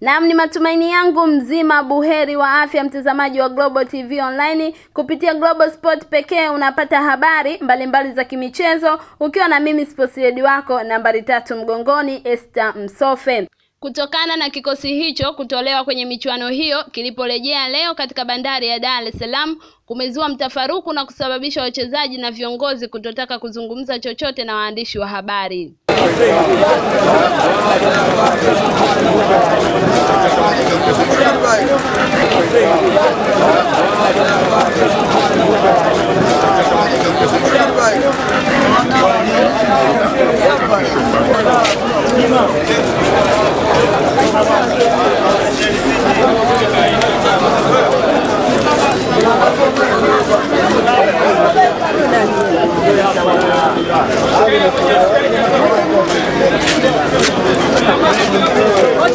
Naam, ni matumaini yangu mzima buheri wa afya, mtazamaji wa Global TV Online. Kupitia Global Sport pekee unapata habari mbalimbali mbali za kimichezo, ukiwa na mimi sports lady wako nambari tatu mgongoni, Esther Msofe kutokana na kikosi hicho kutolewa kwenye michuano hiyo kiliporejea leo katika bandari ya Dar es Salaam kumezua mtafaruku na kusababisha wachezaji na viongozi kutotaka kuzungumza chochote na waandishi wa habari.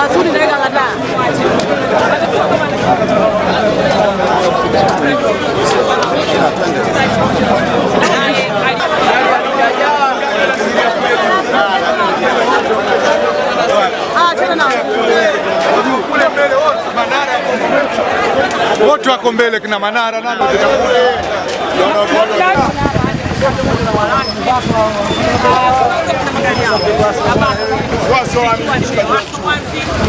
Masudi naweka kataa. Ah, Wote wako mbele kina Manara watu wale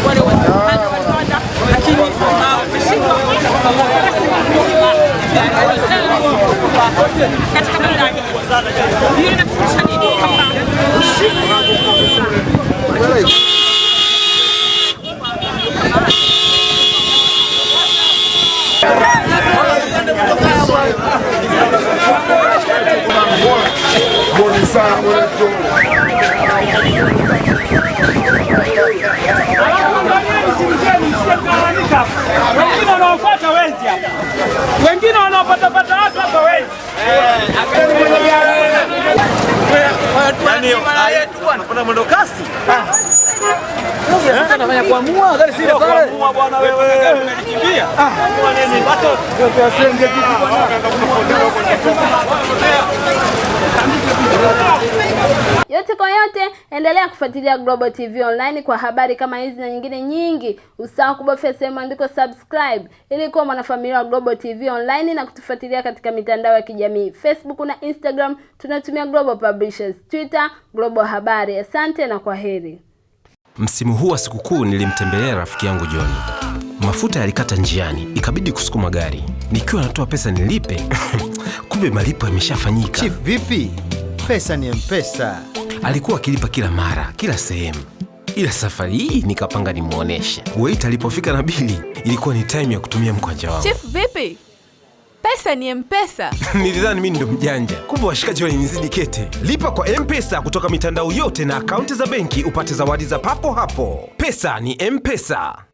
wanaoenda, lakini katika bandari hiyo inafundisha nini? Kwamba Bonisa, bonito. Wengine wanaopatapata watu hapa wezi. Kuna mwendo kasi yote kwa yote, endelea kufuatilia Global TV Online kwa habari kama hizi na nyingine nyingi. Usahau kubofya sehemu andiko subscribe ili kuwa mwanafamilia wa Global TV Online na kutufuatilia katika mitandao ya kijamii Facebook na Instagram, tunatumia Global Publishers, Twitter Global Habari. Asante na kwa heri. Msimu huu wa sikukuu nilimtembelea rafiki yangu Joni. Mafuta yalikata njiani, ikabidi kusukuma gari. Nikiwa natoa pesa nilipe, kumbe malipo yameshafanyika. Chief, vipi? Pesa ni Mpesa. Alikuwa akilipa kila mara, kila sehemu, ila safari hii nikapanga nimwonyeshe weit alipofika na bili, ilikuwa ni taimu ya kutumia mkwanja wangu. Chef, vipi? Pesa ni Mpesa. Nilidhani mimi ndo mjanja, kumbe washikaji walinizidi kete. Lipa kwa Mpesa kutoka mitandao yote na akaunti za benki upate zawadi za papo hapo. Pesa ni Mpesa.